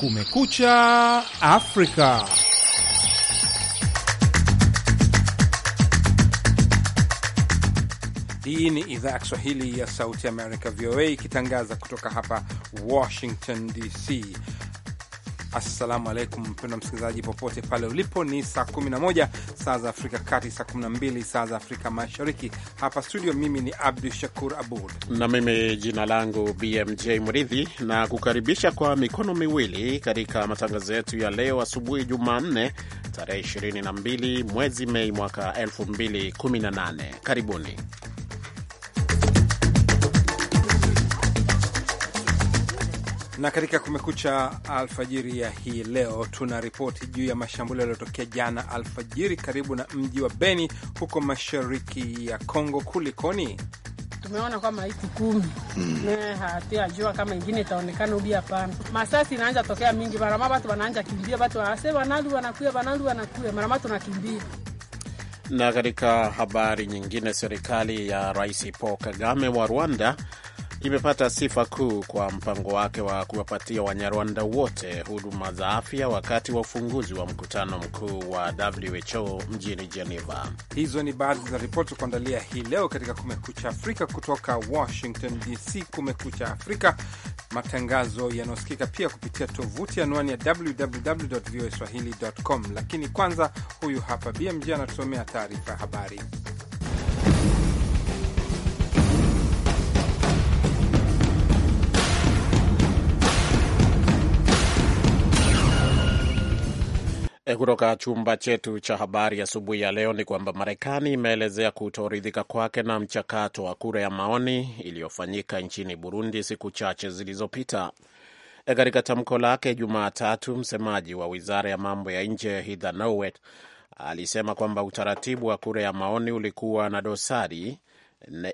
Kumekucha Afrika. Hii ni idhaa ya Kiswahili ya Sauti Amerika, VOA, ikitangaza kutoka hapa Washington DC. Assalamu alaikum mpendwa msikilizaji, popote pale ulipo, ni saa 11 saa za Afrika Kati, saa 12 saa za Afrika Mashariki. Hapa studio, mimi ni Abdu Shakur Abud na mimi jina langu BMJ Mridhi, na kukaribisha kwa mikono miwili katika matangazo yetu ya leo asubuhi, Jumanne tarehe 22 mwezi Mei mwaka 2018. Karibuni. na katika Kumekucha alfajiri ya hii leo tuna ripoti juu ya mashambulio yaliyotokea jana alfajiri karibu na mji wa Beni huko mashariki ya Kongo. Kulikoni? Tumeona kama hiki kumi mm. hatuyajua kama ingine itaonekana ubi. Hapana, masasi inaanza tokea mingi, marama watu wanaanja kimbia, watu wanase wanalu wanakuya, wanalu wanakuya, marama tunakimbia na katika habari nyingine, serikali ya Rais Paul Kagame wa Rwanda imepata sifa kuu kwa mpango wake wa kuwapatia Wanyarwanda wote huduma za afya wakati wa ufunguzi wa mkutano mkuu wa WHO mjini Geneva. Hizo ni baadhi za ripoti kuandalia hii leo katika Kumekucha Afrika kutoka Washington DC. Kumekucha Afrika, matangazo yanayosikika pia kupitia tovuti anwani ya www voa swahili com. Lakini kwanza, huyu hapa BMJ anatusomea taarifa ya habari. Eh, kutoka chumba chetu cha habari asubuhi ya, ya leo ni kwamba Marekani imeelezea kutoridhika kwake na mchakato wa kura ya maoni iliyofanyika nchini Burundi siku chache zilizopita. Eh, katika tamko lake Jumatatu, msemaji wa wizara ya mambo ya nje Heather Nauert alisema kwamba utaratibu wa kura ya maoni ulikuwa na dosari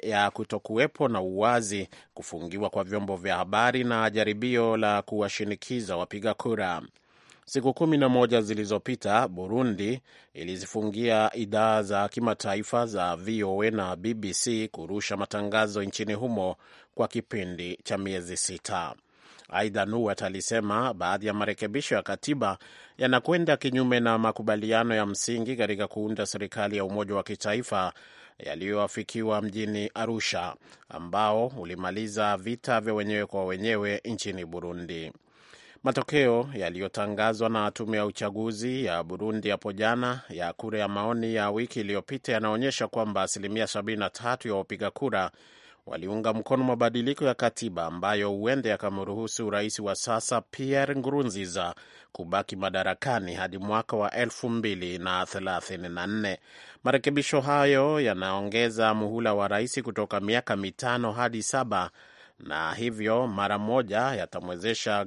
ya kutokuwepo na uwazi, kufungiwa kwa vyombo vya habari na jaribio la kuwashinikiza wapiga kura. Siku kumi na moja zilizopita Burundi ilizifungia idhaa za kimataifa za VOA na BBC kurusha matangazo nchini humo kwa kipindi cha miezi sita. Aidha, Nuwat alisema baadhi ya marekebisho ya katiba yanakwenda kinyume na makubaliano ya msingi katika kuunda serikali ya umoja wa kitaifa yaliyoafikiwa mjini Arusha, ambao ulimaliza vita vya wenyewe kwa wenyewe nchini Burundi. Matokeo yaliyotangazwa na tume ya uchaguzi ya Burundi hapo jana ya kura ya maoni ya wiki iliyopita yanaonyesha kwamba asilimia 73 ya wapiga kura waliunga mkono mabadiliko ya katiba ambayo huende yakamruhusu rais wa sasa Pierre Nkurunziza kubaki madarakani hadi mwaka wa 2034. Marekebisho hayo yanaongeza muhula wa rais kutoka miaka mitano hadi saba na hivyo mara moja yatamwezesha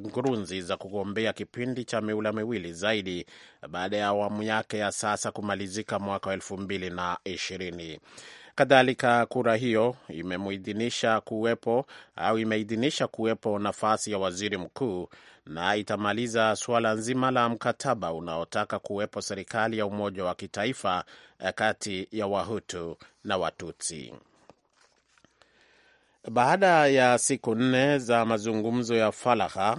za kugombea kipindi cha miula miwili zaidi baada ya awamu yake ya sasa kumalizika mwaka wa elfu mbili na ishirini. Kadhalika, kura hiyo imemuidhinisha kuwepo au imeidhinisha kuwepo nafasi ya waziri mkuu na itamaliza suala nzima la mkataba unaotaka kuwepo serikali ya umoja wa kitaifa eh, kati ya Wahutu na Watutsi. Baada ya siku nne za mazungumzo ya falaha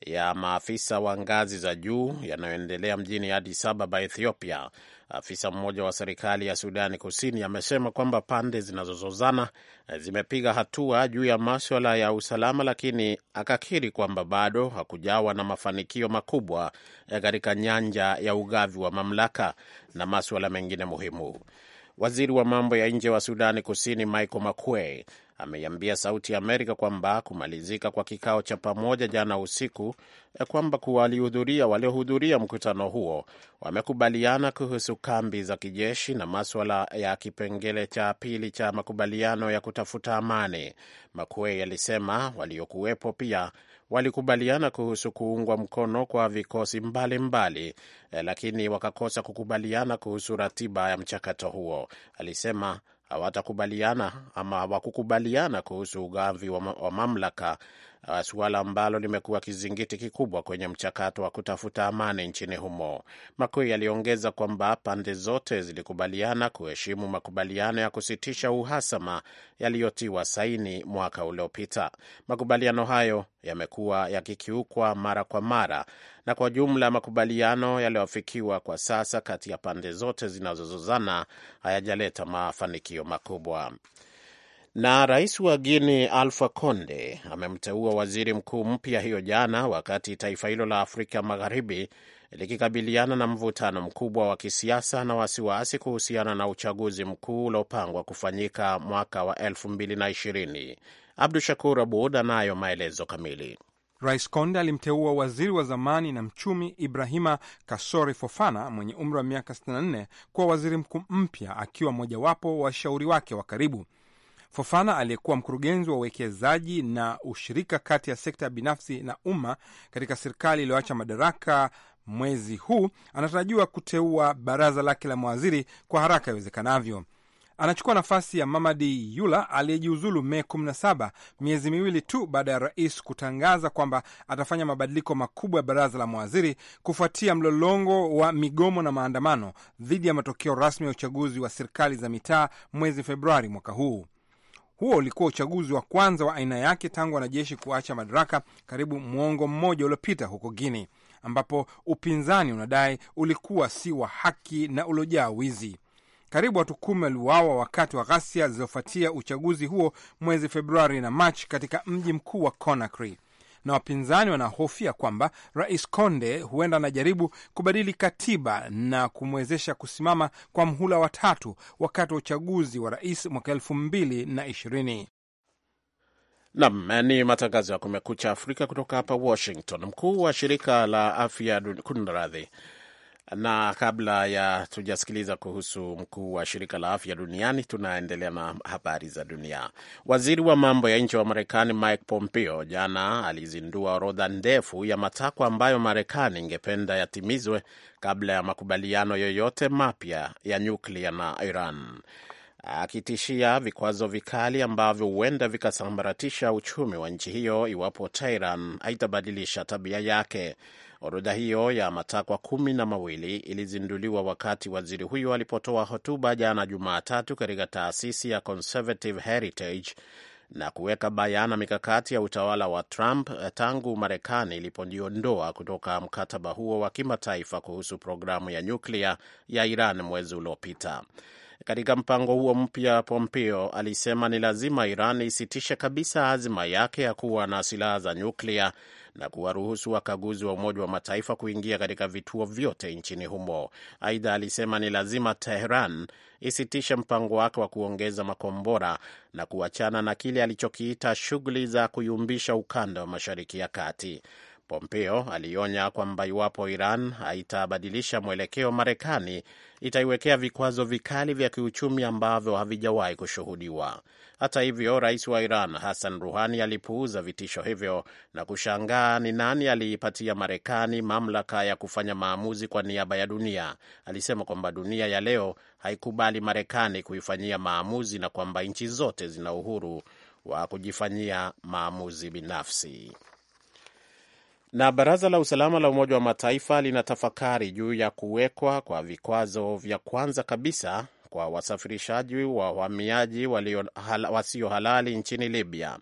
ya maafisa wa ngazi za juu yanayoendelea mjini Addis Ababa, Ethiopia, afisa mmoja wa serikali ya Sudani Kusini amesema kwamba pande zinazozozana eh, zimepiga hatua juu ya maswala ya usalama, lakini akakiri kwamba bado hakujawa na mafanikio makubwa eh, katika nyanja ya ugavi wa mamlaka na maswala mengine muhimu. Waziri wa mambo ya nje wa Sudani Kusini Michael Makuei ameiambia Sauti ya Amerika kwamba kumalizika kwa kikao cha pamoja jana usiku eh, kwamba kuwalihudhuria waliohudhuria mkutano huo wamekubaliana kuhusu kambi za kijeshi na maswala ya kipengele cha pili cha makubaliano ya kutafuta amani. Makuei alisema waliokuwepo pia walikubaliana kuhusu kuungwa mkono kwa vikosi mbalimbali mbali, eh, lakini wakakosa kukubaliana kuhusu ratiba ya mchakato huo. Alisema hawatakubaliana ama hawakukubaliana kuhusu ugavi wa, wa mamlaka uh, suala ambalo limekuwa kizingiti kikubwa kwenye mchakato wa kutafuta amani nchini humo. Makui aliongeza kwamba pande zote zilikubaliana kuheshimu makubaliano ya kusitisha uhasama yaliyotiwa saini mwaka uliopita. Makubaliano hayo yamekuwa yakikiukwa mara kwa mara na kwa jumla makubaliano yaliyofikiwa kwa sasa kati ya pande zote zinazozozana hayajaleta mafanikio makubwa. Na rais wa Guini Alfa Conde amemteua waziri mkuu mpya hiyo jana, wakati taifa hilo la Afrika Magharibi likikabiliana na mvutano mkubwa wa kisiasa na wasiwasi kuhusiana na uchaguzi mkuu uliopangwa kufanyika mwaka wa 2020. Abdu Shakur Abud anayo maelezo kamili. Rais conde alimteua waziri wa zamani na mchumi Ibrahima Kasori Fofana mwenye umri wa miaka 64 kuwa waziri mkuu mpya, akiwa mmojawapo wa washauri wake wa karibu. Fofana aliyekuwa mkurugenzi wa uwekezaji na ushirika kati ya sekta binafsi na umma katika serikali iliyoacha madaraka mwezi huu anatarajiwa kuteua baraza lake la mawaziri kwa haraka iwezekanavyo. Anachukua nafasi ya Mamadi Yula aliyejiuzulu Mei 17, miezi miwili tu baada ya rais kutangaza kwamba atafanya mabadiliko makubwa ya baraza la mawaziri kufuatia mlolongo wa migomo na maandamano dhidi ya matokeo rasmi ya uchaguzi wa serikali za mitaa mwezi Februari mwaka huu. Huo ulikuwa uchaguzi wa kwanza wa aina yake tangu wanajeshi kuacha madaraka karibu mwongo mmoja uliopita huko Guinea, ambapo upinzani unadai ulikuwa si wa haki na uliojaa wizi. Karibu watu kumi waliuawa wakati wa ghasia zilizofuatia uchaguzi huo mwezi Februari na Machi katika mji mkuu wa Conakry, na wapinzani wanahofia kwamba Rais conde huenda anajaribu kubadili katiba na kumwezesha kusimama kwa mhula watatu wakati wa uchaguzi wa rais mwaka elfu mbili na ishirini. Nam ni matangazo ya Kumekucha Afrika kutoka hapa Washington. Mkuu wa shirika la afya kunradhi, na kabla ya tujasikiliza kuhusu mkuu wa shirika la afya duniani, tunaendelea na habari za dunia. Waziri wa mambo ya nje wa Marekani Mike Pompeo jana alizindua orodha ndefu ya matakwa ambayo Marekani ingependa yatimizwe kabla ya makubaliano yoyote mapya ya nyuklia na Iran, akitishia vikwazo vikali ambavyo huenda vikasambaratisha uchumi wa nchi hiyo iwapo Tehran haitabadilisha tabia yake. Orodha hiyo ya matakwa kumi na mawili ilizinduliwa wakati waziri huyo alipotoa hotuba jana Jumatatu katika taasisi ya Conservative Heritage na kuweka bayana mikakati ya utawala wa Trump tangu Marekani ilipojiondoa kutoka mkataba huo wa kimataifa kuhusu programu ya nyuklia ya Iran mwezi uliopita. Katika mpango huo mpya, Pompeo alisema ni lazima Iran isitishe kabisa azima yake ya kuwa na silaha za nyuklia na kuwaruhusu wakaguzi wa Umoja wa Mataifa kuingia katika vituo vyote nchini humo. Aidha, alisema ni lazima Teheran isitishe mpango wake wa kuongeza makombora na kuachana na kile alichokiita shughuli za kuyumbisha ukanda wa Mashariki ya Kati. Pompeo alionya kwamba iwapo Iran haitabadilisha mwelekeo, Marekani itaiwekea vikwazo vikali vya kiuchumi ambavyo havijawahi kushuhudiwa. Hata hivyo, rais wa Iran Hassan Ruhani alipuuza vitisho hivyo na kushangaa ni nani aliipatia Marekani mamlaka ya kufanya maamuzi kwa niaba ya dunia. Alisema kwamba dunia ya leo haikubali Marekani kuifanyia maamuzi na kwamba nchi zote zina uhuru wa kujifanyia maamuzi binafsi. Na baraza la usalama la Umoja wa Mataifa linatafakari juu ya kuwekwa kwa vikwazo vya kwanza kabisa kwa wasafirishaji wa wahamiaji hala, wasio halali nchini Libya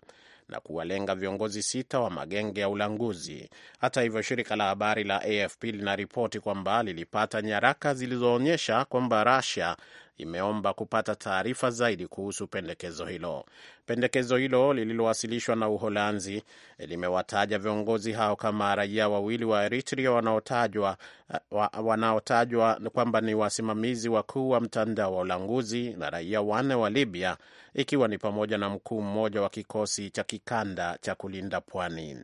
na kuwalenga viongozi sita wa magenge ya ulanguzi. Hata hivyo, shirika la habari la AFP linaripoti kwamba lilipata nyaraka zilizoonyesha kwamba Russia imeomba kupata taarifa zaidi kuhusu pendekezo hilo. Pendekezo hilo lililowasilishwa na Uholanzi eh, limewataja viongozi hao kama raia wawili wa Eritrea wanaotajwa eh, wa, wanaotajwa kwamba ni wasimamizi wakuu wa mtandao wa ulanguzi na raia wanne wa Libya, ikiwa ni pamoja na mkuu mmoja wa kikosi cha kikanda cha kulinda pwani.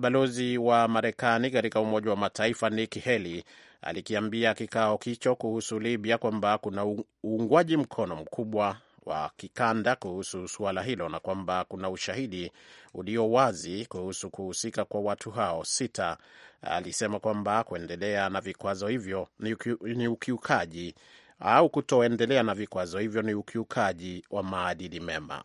Balozi wa Marekani katika Umoja wa Mataifa Nikki Haley alikiambia kikao hicho kuhusu Libya kwamba kuna uungwaji mkono mkubwa wa kikanda kuhusu suala hilo na kwamba kuna ushahidi ulio wazi kuhusu kuhusika kwa watu hao sita. Alisema kwamba kuendelea na vikwazo hivyo ni, ni ukiukaji au kutoendelea na vikwazo hivyo ni ukiukaji wa maadili mema.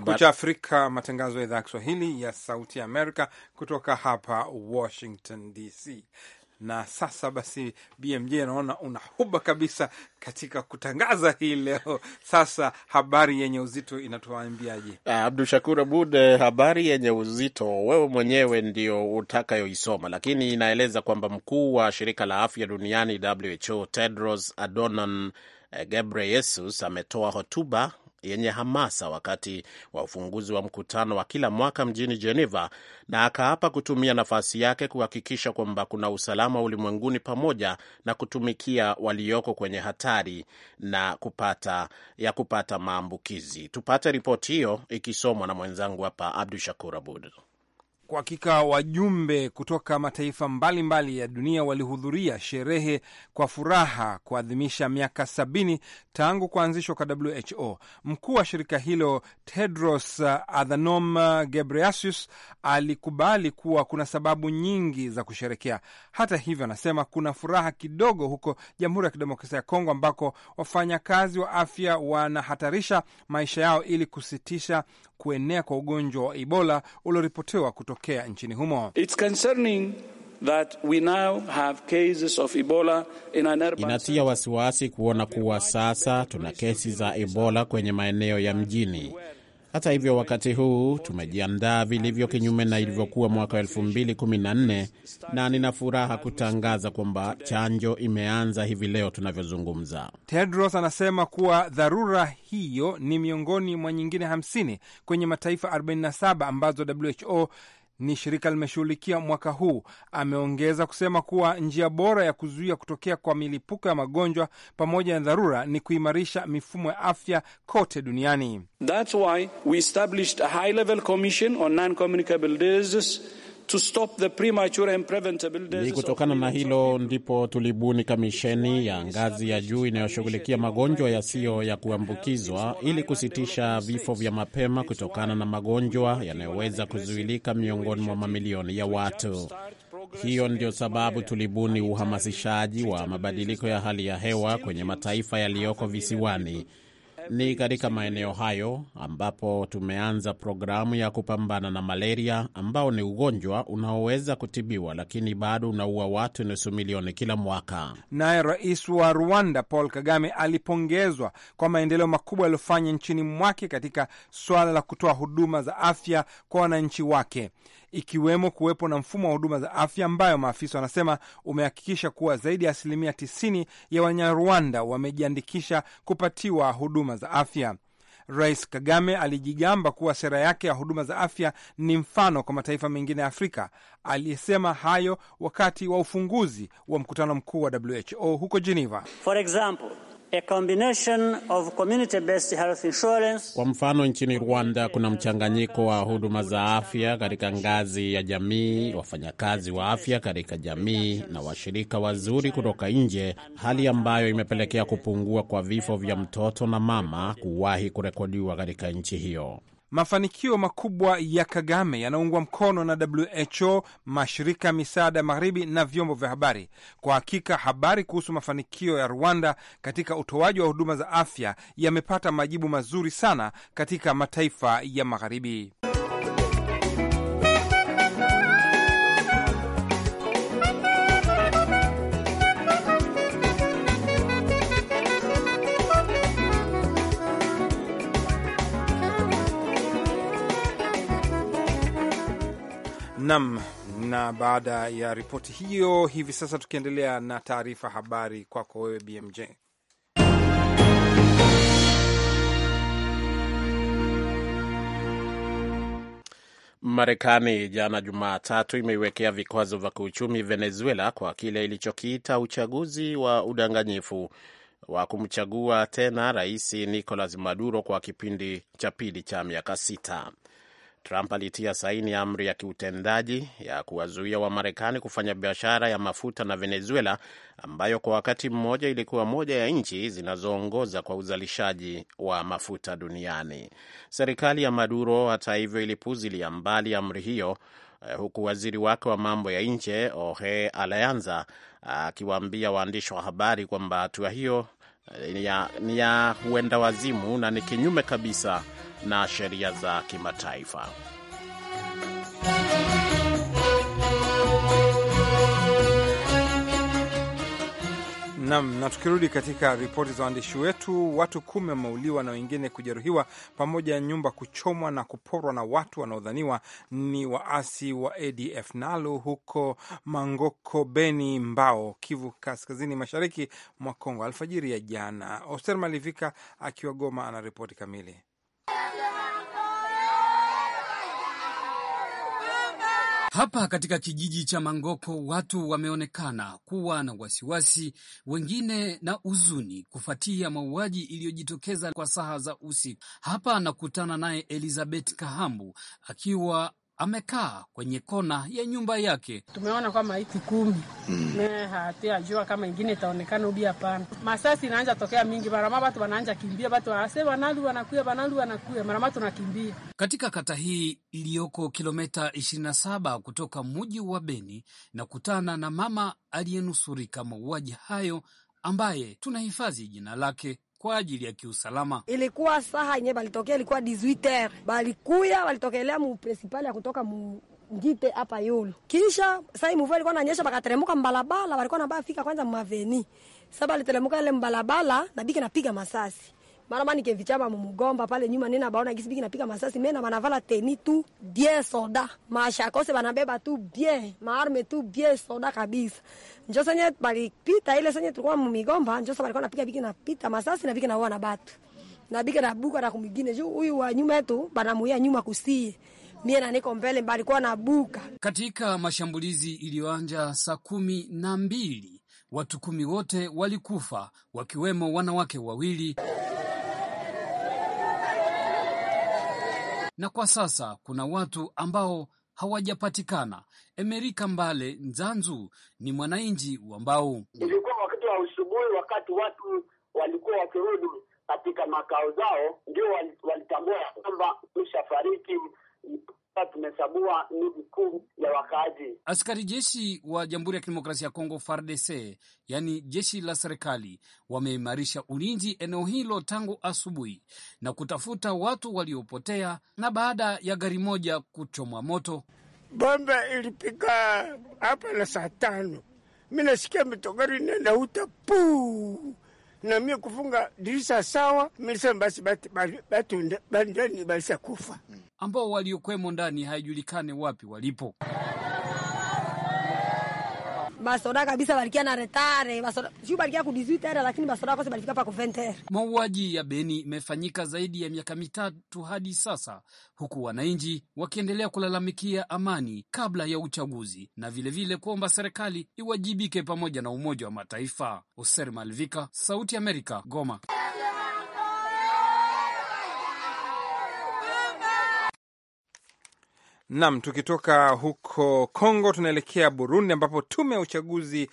Kumekucha Afrika, matangazo ya idhaa ya Kiswahili ya Sauti ya Amerika kutoka hapa Washington DC. Na sasa basi, BMJ anaona una huba kabisa katika kutangaza hii leo. Sasa habari yenye uzito inatuambiaje? Ah, Abdu Shakur Abud, eh, habari yenye uzito wewe mwenyewe ndio utakayoisoma, lakini inaeleza kwamba mkuu wa shirika la afya duniani WHO Tedros Adhanom eh, Ghebreyesus ametoa hotuba yenye hamasa wakati wa ufunguzi wa mkutano wa kila mwaka mjini Geneva, na akaapa kutumia nafasi yake kuhakikisha kwamba kuna usalama ulimwenguni pamoja na kutumikia walioko kwenye hatari na kupata, ya kupata maambukizi. Tupate ripoti hiyo ikisomwa na mwenzangu hapa Abdu Shakur Abud. Kwa hakika wajumbe kutoka mataifa mbalimbali mbali ya dunia walihudhuria sherehe kwa furaha kuadhimisha miaka sabini tangu kuanzishwa kwa WHO. Mkuu wa shirika hilo Tedros Adhanom Ghebreyesus alikubali kuwa kuna sababu nyingi za kusherekea. Hata hivyo, anasema kuna furaha kidogo huko Jamhuri ya Kidemokrasia ya Kongo ambako wafanyakazi wa afya wanahatarisha maisha yao ili kusitisha kuenea kwa ugonjwa wa Ebola ulioripotiwa kutokea nchini humo. It's that we now have cases of Ebola in an urban... Inatia wasiwasi kuona kuwa sasa tuna kesi za Ebola kwenye maeneo ya mjini. Hata hivyo, wakati huu tumejiandaa vilivyo, kinyume na ilivyokuwa mwaka 2014 na nina furaha kutangaza kwamba chanjo imeanza hivi leo tunavyozungumza. Tedros anasema kuwa dharura hiyo ni miongoni mwa nyingine 50 kwenye mataifa 47 ambazo WHO ni shirika limeshughulikia mwaka huu. Ameongeza kusema kuwa njia bora ya kuzuia kutokea kwa milipuko ya magonjwa pamoja na dharura ni kuimarisha mifumo ya afya kote duniani. That's why we established a high level commission on non-communicable diseases to stop the premature and preventable deaths. Ni kutokana na hilo ndipo tulibuni kamisheni ya ngazi ya juu inayoshughulikia magonjwa yasiyo ya kuambukizwa ili kusitisha vifo vya mapema kutokana na magonjwa yanayoweza kuzuilika miongoni mwa mamilioni ya watu. Hiyo ndio sababu tulibuni uhamasishaji wa mabadiliko ya hali ya hewa kwenye mataifa yaliyoko visiwani ni katika maeneo hayo ambapo tumeanza programu ya kupambana na malaria ambao ni ugonjwa unaoweza kutibiwa lakini bado unaua watu nusu milioni kila mwaka. Naye rais wa Rwanda Paul Kagame alipongezwa kwa maendeleo makubwa yaliyofanya nchini mwake katika suala la kutoa huduma za afya kwa wananchi wake ikiwemo kuwepo na mfumo wa huduma za afya ambayo maafisa wanasema umehakikisha kuwa zaidi ya asilimia 90 ya Wanyarwanda wamejiandikisha kupatiwa huduma za afya. Rais Kagame alijigamba kuwa sera yake ya huduma za afya ni mfano kwa mataifa mengine ya Afrika. Aliyesema hayo wakati wa ufunguzi wa mkutano mkuu wa WHO huko Geneva. For example, kwa mfano, nchini Rwanda kuna mchanganyiko wa huduma za afya katika ngazi ya jamii, wafanyakazi wa afya katika jamii na washirika wazuri kutoka nje, hali ambayo imepelekea kupungua kwa vifo vya mtoto na mama kuwahi kurekodiwa katika nchi hiyo. Mafanikio makubwa ya Kagame yanaungwa mkono na WHO, mashirika ya misaada ya magharibi na vyombo vya habari. Kwa hakika, habari kuhusu mafanikio ya Rwanda katika utoaji wa huduma za afya yamepata majibu mazuri sana katika mataifa ya magharibi. Nam, na baada ya ripoti hiyo, hivi sasa tukiendelea na taarifa habari kwako wewe BMJ. Marekani jana Jumatatu imeiwekea vikwazo vya kiuchumi Venezuela kwa kile ilichokiita uchaguzi wa udanganyifu wa kumchagua tena rais Nicolas Maduro kwa kipindi cha pili cha miaka sita. Trump alitia saini amri ya kiutendaji ya kuwazuia Wamarekani kufanya biashara ya mafuta na Venezuela, ambayo kwa wakati mmoja ilikuwa moja ya nchi zinazoongoza kwa uzalishaji wa mafuta duniani. Serikali ya Maduro, hata hivyo, ilipuzilia mbali amri hiyo, eh, huku waziri wake wa mambo ya nje Jorge Alianza akiwaambia waandishi wa habari kwamba hatua hiyo Eh, ni ya, ni ya huenda wazimu na ni kinyume kabisa na sheria za kimataifa. Nam, na tukirudi katika ripoti za waandishi wetu, watu kumi wameuliwa na wengine kujeruhiwa, pamoja na nyumba kuchomwa na kuporwa na watu wanaodhaniwa ni waasi wa ADF NALU huko Mangoko, Beni, Mbao, Kivu Kaskazini, mashariki mwa Kongo, alfajiri ya jana. Oster Malivika akiwa Goma ana ripoti kamili. Hapa katika kijiji cha Mangoko watu wameonekana kuwa na wasiwasi, wengine na huzuni kufuatia mauaji iliyojitokeza kwa saa za usiku. Hapa nakutana naye Elizabeth Kahambu akiwa amekaa kwenye kona ya nyumba yake. Tumeona kwa maiti kumi mm. me hatuyajua kama ingine itaonekana ubi. Hapana, masasi inaanja tokea mingi, marama batu wanaanja kimbia, batu wanase wanalu wanakuya, wanalu wanakuya, marama tunakimbia. Katika kata hii iliyoko kilometa 27 kutoka muji wa Beni, na kutana na mama aliyenusurika mauaji hayo ambaye tunahifadhi jina lake kwa ajili ya kiusalama. Ilikuwa saha yenyewe balitokea ilikuwa 18h balikuya walitokelea mu principal ya kutoka mu ngite hapa yulu, kisha sai mvua ilikuwa nanyesha, bakateremuka mbalabala, walikuwa nabafika kwanza maveni sasa, aliteremuka ile mbalabala na biki napiga masasi mara mani ke vichama mumugomba pale nyuma nina baona gisi biki napika masasi mena manavala teni tu bien soda kose banabeba tu bien maarme tu bien soda kabisa njo senye balipita ile senye tulikuwa mumigomba njo sasa balikuwa napiga biki napita masasi na biki na wana batu na biki na buka na kumigine juu huyu wa nyuma yetu banamuia nyuma kusie mie na niko mbele balikuwa na buka katika mashambulizi iliyoanja saa kumi na mbili watu kumi wote walikufa wakiwemo wanawake wawili na kwa sasa kuna watu ambao hawajapatikana. Emerika Mbale Nzanzu ni mwananchi wa Mbau. Ilikuwa wakati wa usubuhi, wakati watu walikuwa wakirudi katika makao zao, ndio walitambua ya kwamba ushafariki tumesabua miji kuu ya wakaaji. Askari jeshi wa Jamhuri ya Kidemokrasia ya Kongo, FARDC, yaani jeshi la serikali, wameimarisha ulinzi eneo hilo tangu asubuhi na kutafuta watu waliopotea, na baada ya gari moja kuchomwa moto, bomba ilipika hapa na saa tano, mi nasikia mitogari nenda uta puu na mie kufunga dirisa sawa, milisema basi batu ndani balisa kufa ambao waliokwemo ndani haijulikane wapi walipo. kabisa na retare balikia lakini balifika pa Mauaji ya Beni imefanyika zaidi ya miaka mitatu hadi sasa, huku wananchi wakiendelea kulalamikia amani kabla ya uchaguzi na vilevile kuomba serikali iwajibike pamoja na Umoja wa Mataifa. Oser Malvika, Sauti ya Amerika, Goma. Nam, tukitoka huko Kongo tunaelekea Burundi, ambapo tume ya uchaguzi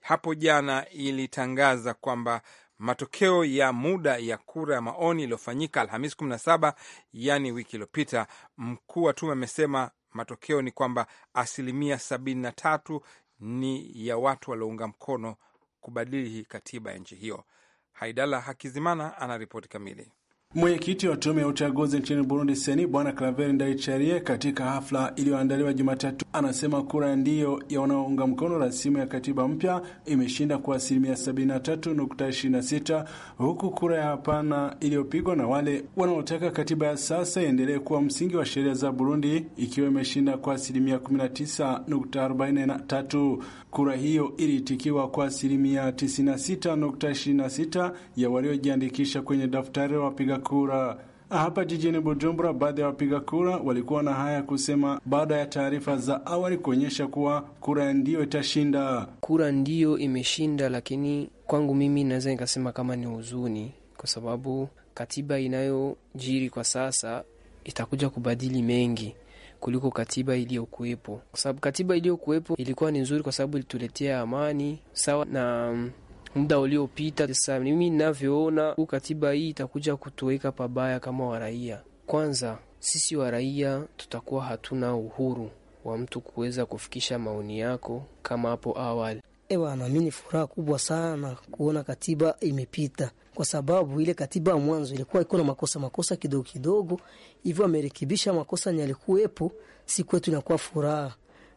hapo jana ilitangaza kwamba matokeo ya muda ya kura ya maoni iliyofanyika Alhamisi 17 yani wiki iliyopita, mkuu wa tume amesema matokeo ni kwamba asilimia 73 ni ya watu waliounga mkono kubadili katiba ya nchi hiyo. Haidala Hakizimana ana ripoti kamili. Mwenyekiti wa tume ya uchaguzi nchini Burundi seni Bwana Claver Ndaicharie katika hafla iliyoandaliwa Jumatatu anasema kura ndiyo ya wanaounga mkono rasimu ya katiba mpya imeshinda kwa asilimia 73.26 huku kura ya hapana iliyopigwa na wale wanaotaka katiba ya sasa iendelee kuwa msingi wa sheria za Burundi ikiwa imeshinda kwa asilimia 19.43. Kura hiyo iliitikiwa kwa asilimia 96.26 ya waliojiandikisha kwenye daftari la wapiga kura. Hapa jijini Bujumbura, baadhi ya wapiga kura walikuwa na haya kusema baada ya taarifa za awali kuonyesha kuwa kura ndiyo itashinda. Kura ndiyo imeshinda, lakini kwangu mimi naweza nikasema kama ni huzuni, kwa sababu katiba inayojiri kwa sasa itakuja kubadili mengi kuliko katiba iliyokuwepo, kwa sababu katiba iliyokuwepo ilikuwa ni nzuri, kwa sababu ilituletea amani sawa na mm, muda uliopita. Sasa mimi ninavyoona, huu katiba hii itakuja kutuweka pabaya kama waraia. Kwanza sisi waraia tutakuwa hatuna uhuru wa mtu kuweza kufikisha maoni yako kama hapo awali. Ewana, eh, mi ni furaha kubwa sana kuona katiba imepita, kwa sababu ile katiba ya mwanzo ilikuwa iko na makosa makosa kidogo kidogo, hivyo amerekebisha makosa yalikuwepo, si kwetu inakuwa furaha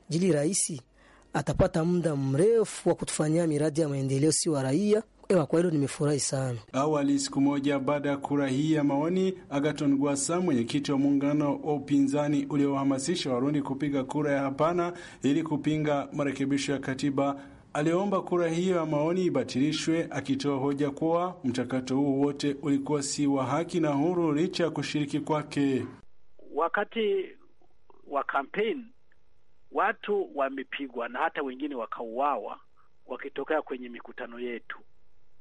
jili rais atapata muda mrefu wa kutufanyia miradi ya maendeleo, si wa raia. Ewa, kwa hilo nimefurahi sana. Awali, siku moja baada ya kura hii ya maoni, Agaton Gwasa, mwenyekiti wa muungano wa upinzani uliohamasisha Warundi kupiga kura ya hapana ili kupinga marekebisho ya katiba, aliomba kura hiyo ya maoni ibatilishwe, akitoa hoja kuwa mchakato huu wote ulikuwa si wa haki na huru licha ya kushiriki kwake. Wakati wa kampeni watu wamepigwa na hata wengine wakauawa wakitokea kwenye mikutano yetu.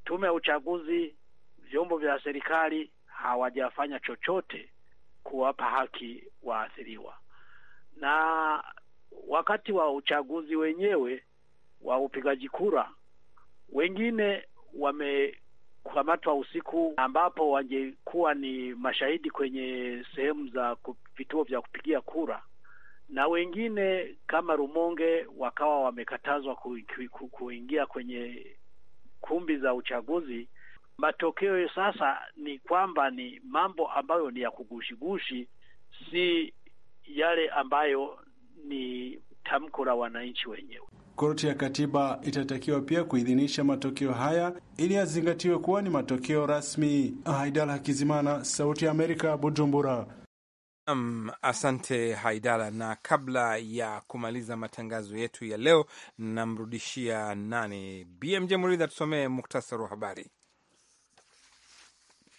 Tume ya uchaguzi, vyombo vya serikali hawajafanya chochote kuwapa haki waathiriwa, na wakati wa uchaguzi wenyewe wa upigaji kura, wengine wamekamatwa usiku, ambapo wangekuwa ni mashahidi kwenye sehemu za vituo vya kupigia kura, na wengine kama Rumonge wakawa wamekatazwa kuingia kwenye kumbi za uchaguzi. Matokeo sasa ni kwamba ni mambo ambayo ni ya kugushigushi, si yale ambayo ni tamko la wananchi wenyewe. Korti ya Katiba itatakiwa pia kuidhinisha matokeo haya ili yazingatiwe kuwa ni matokeo rasmi. Haidal Hakizimana, Sauti ya Amerika, Bujumbura. Um, asante Haidala, na kabla ya kumaliza matangazo yetu ya leo, namrudishia nani BMJ Muridhi atusomee muktasari wa habari.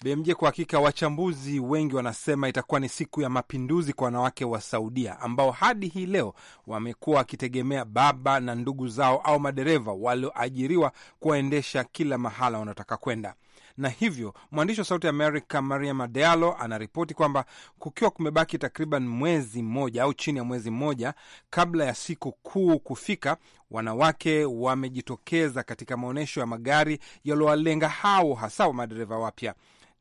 BMJ, kwa hakika wachambuzi wengi wanasema itakuwa ni siku ya mapinduzi kwa wanawake wa Saudia ambao hadi hii leo wamekuwa wakitegemea baba na ndugu zao au madereva walioajiriwa kuwaendesha kila mahala wanaotaka kwenda na hivyo mwandishi wa Sauti Amerika Maria Madealo anaripoti kwamba kukiwa kumebaki takriban mwezi mmoja au chini ya mwezi mmoja kabla ya siku kuu kufika, wanawake wamejitokeza katika maonyesho ya magari yaliowalenga hao hasa wa madereva wapya.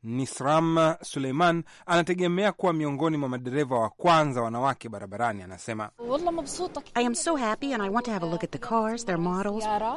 Nisram Suleiman anategemea kuwa miongoni mwa madereva wa kwanza wanawake barabarani. Anasema so cars,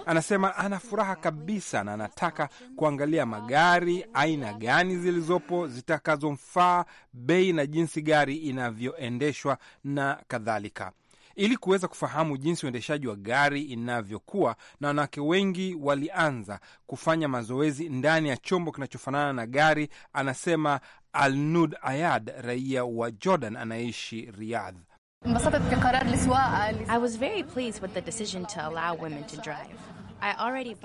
anasema ana furaha kabisa na anataka kuangalia magari aina gani zilizopo zitakazomfaa, bei na jinsi gari inavyoendeshwa na kadhalika. Ili kuweza kufahamu jinsi uendeshaji wa gari inavyokuwa, na wanawake wengi walianza kufanya mazoezi ndani ya chombo kinachofanana na gari, anasema Alnud Ayad, raia wa Jordan anayeishi Riyadh. I was very pleased with the decision to allow women to drive.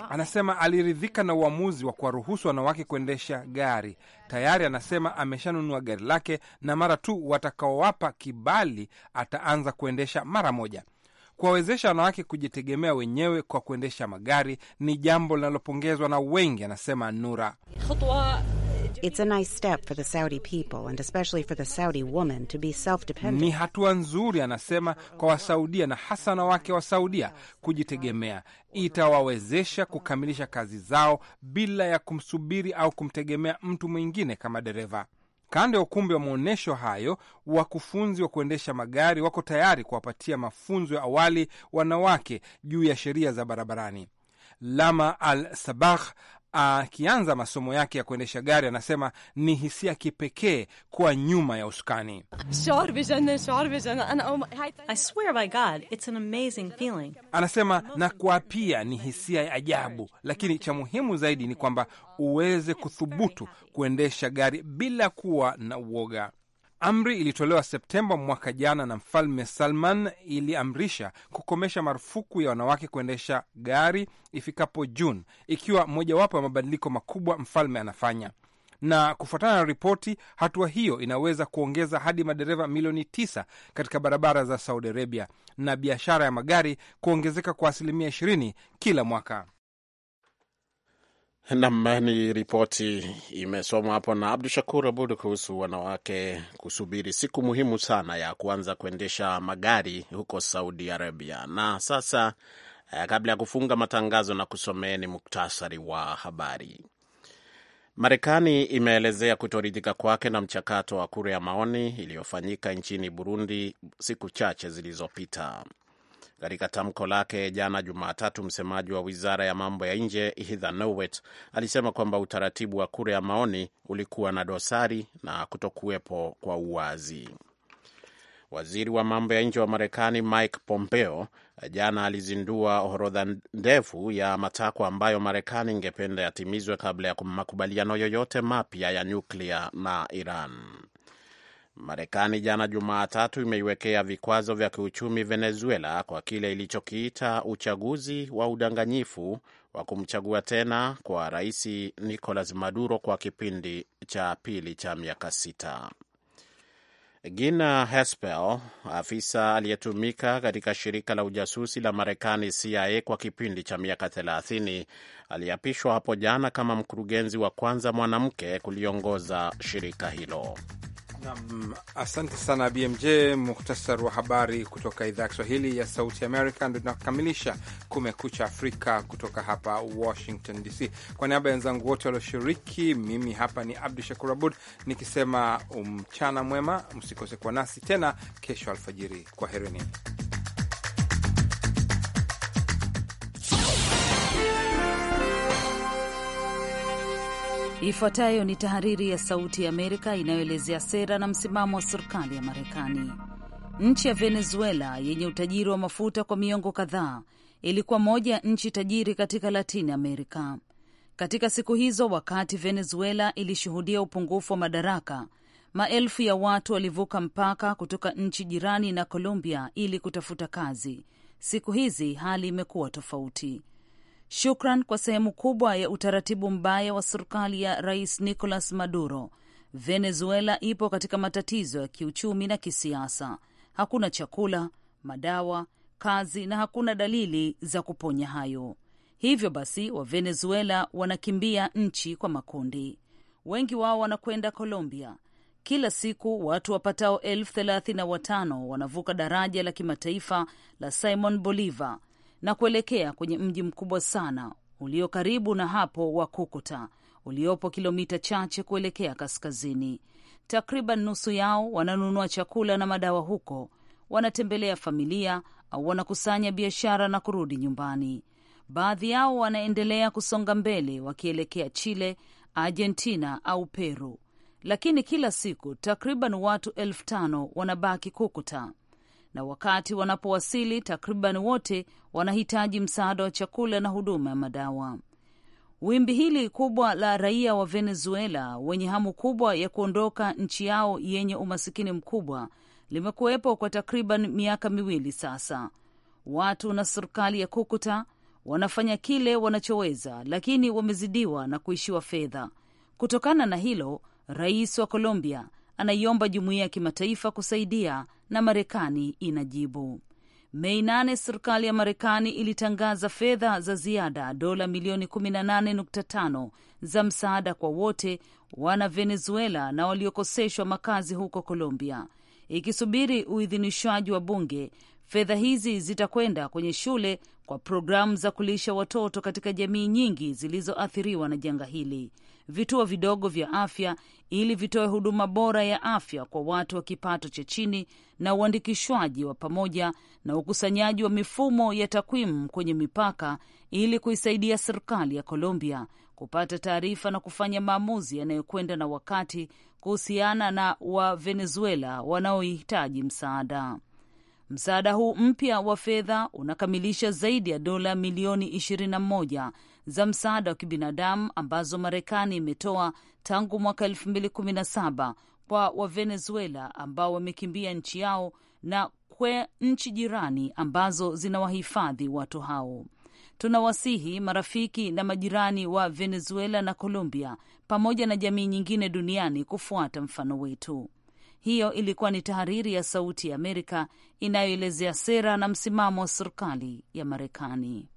Anasema aliridhika na uamuzi wa kuwaruhusu wanawake kuendesha gari. Tayari anasema ameshanunua gari lake, na mara tu watakaowapa kibali ataanza kuendesha mara moja. Kuwawezesha wanawake kujitegemea wenyewe kwa kuendesha magari ni jambo linalopongezwa na wengi, anasema Nura. It's a nice step for the Saudi people and especially for the Saudi woman to be self-dependent. Ni hatua nzuri, anasema kwa Wasaudia na hasa wanawake wa Saudia kujitegemea. Itawawezesha kukamilisha kazi zao bila ya kumsubiri au kumtegemea mtu mwingine kama dereva. Kando ya ukumbi wa maonyesho hayo, wakufunzi wa kuendesha magari wako tayari kuwapatia mafunzo ya awali wanawake juu ya sheria za barabarani. Lama Al Sabah akianza masomo yake ya kuendesha gari, anasema ni hisia kipekee kuwa nyuma ya usukani. Anasema na kuapia ni hisia ya ajabu, lakini cha muhimu zaidi ni kwamba uweze kuthubutu kuendesha gari bila kuwa na uoga. Amri ilitolewa Septemba mwaka jana na Mfalme Salman iliamrisha kukomesha marufuku ya wanawake kuendesha gari ifikapo Juni, ikiwa mojawapo ya mabadiliko makubwa mfalme anafanya na kufuatana na ripoti, hatua hiyo inaweza kuongeza hadi madereva milioni tisa katika barabara za Saudi Arabia na biashara ya magari kuongezeka kwa asilimia ishirini kila mwaka. Nam, ni ripoti imesomwa hapo na Abdu Shakur Abud kuhusu wanawake kusubiri siku muhimu sana ya kuanza kuendesha magari huko Saudi Arabia. Na sasa eh, kabla ya kufunga matangazo na kusomeeni muktasari wa habari, Marekani imeelezea kutoridhika kwake na mchakato wa kura ya maoni iliyofanyika nchini Burundi siku chache zilizopita. Katika tamko lake jana Jumatatu, msemaji wa wizara ya mambo ya nje Heather Nauert alisema kwamba utaratibu wa kura ya maoni ulikuwa na dosari na kutokuwepo kwa uwazi. Waziri wa mambo ya nje wa Marekani Mike Pompeo jana alizindua orodha ndefu ya matakwa ambayo Marekani ingependa yatimizwe kabla ya makubaliano yoyote mapya ya nyuklia na Iran. Marekani jana Jumatatu imeiwekea vikwazo vya kiuchumi Venezuela kwa kile ilichokiita uchaguzi wa udanganyifu wa kumchagua tena kwa rais Nicolas Maduro kwa kipindi cha pili cha miaka sita. Gina Haspel, afisa aliyetumika katika shirika la ujasusi la Marekani CIA kwa kipindi cha miaka 30, aliapishwa hapo jana kama mkurugenzi wa kwanza mwanamke kuliongoza shirika hilo. Nam, asante sana BMJ. Muhtasar wa habari kutoka idhaa ya Kiswahili ya Sauti Amerika ndo inakamilisha Kumekucha Afrika kutoka hapa Washington DC. Kwa niaba ya wenzangu wote walioshiriki, mimi hapa ni Abdu Shakur Abud nikisema mchana mwema, msikose kuwa nasi tena kesho alfajiri. kwa Kwaherini. Ifuatayo ni tahariri ya Sauti ya Amerika inayoelezea sera na msimamo wa serikali ya Marekani. Nchi ya Venezuela yenye utajiri wa mafuta kwa miongo kadhaa ilikuwa moja ya nchi tajiri katika Latin Amerika. Katika siku hizo, wakati Venezuela ilishuhudia upungufu wa madaraka, maelfu ya watu walivuka mpaka kutoka nchi jirani na Colombia ili kutafuta kazi. Siku hizi hali imekuwa tofauti shukran kwa sehemu kubwa ya utaratibu mbaya wa serikali ya Rais Nicolas Maduro, Venezuela ipo katika matatizo ya kiuchumi na kisiasa. Hakuna chakula, madawa, kazi na hakuna dalili za kuponya hayo. Hivyo basi, wavenezuela wanakimbia nchi kwa makundi, wengi wao wanakwenda Colombia. Kila siku watu wapatao elfu thelathini na watano wanavuka daraja la kimataifa la Simon Bolivar na kuelekea kwenye mji mkubwa sana ulio karibu na hapo wa Kukuta uliopo kilomita chache kuelekea kaskazini. Takriban nusu yao wananunua chakula na madawa huko, wanatembelea familia au wanakusanya biashara na kurudi nyumbani. Baadhi yao wanaendelea kusonga mbele wakielekea Chile, Argentina au Peru, lakini kila siku takriban watu elfu tano wanabaki Kukuta na wakati wanapowasili takriban wote wanahitaji msaada wa chakula na huduma ya madawa. Wimbi hili kubwa la raia wa Venezuela wenye hamu kubwa ya kuondoka nchi yao yenye umasikini mkubwa limekuwepo kwa takriban miaka miwili sasa. Watu na serikali ya Kukuta wanafanya kile wanachoweza, lakini wamezidiwa na kuishiwa fedha. Kutokana na hilo, rais wa Colombia anaiomba jumuiya ya kimataifa kusaidia na Marekani inajibu. Mei nane, serikali ya Marekani ilitangaza fedha za ziada dola milioni 18.5 za msaada kwa wote wana Venezuela na waliokoseshwa makazi huko Colombia ikisubiri uidhinishwaji wa bunge. Fedha hizi zitakwenda kwenye shule kwa programu za kulisha watoto katika jamii nyingi zilizoathiriwa na janga hili, vituo vidogo vya afya ili vitoe huduma bora ya afya kwa watu wa kipato cha chini, na uandikishwaji wa pamoja na ukusanyaji wa mifumo ya takwimu kwenye mipaka ili kuisaidia serikali ya Colombia kupata taarifa na kufanya maamuzi yanayokwenda na wakati kuhusiana na wa Venezuela wanaohitaji msaada. Msaada huu mpya wa fedha unakamilisha zaidi ya dola milioni 21 za msaada wa kibinadamu ambazo Marekani imetoa tangu mwaka 2017 kwa Wavenezuela ambao wamekimbia nchi yao na kwe nchi jirani ambazo zinawahifadhi watu hao. Tunawasihi marafiki na majirani wa Venezuela na Colombia pamoja na jamii nyingine duniani kufuata mfano wetu. Hiyo ilikuwa ni tahariri ya Sauti ya Amerika inayoelezea sera na msimamo wa serikali ya Marekani.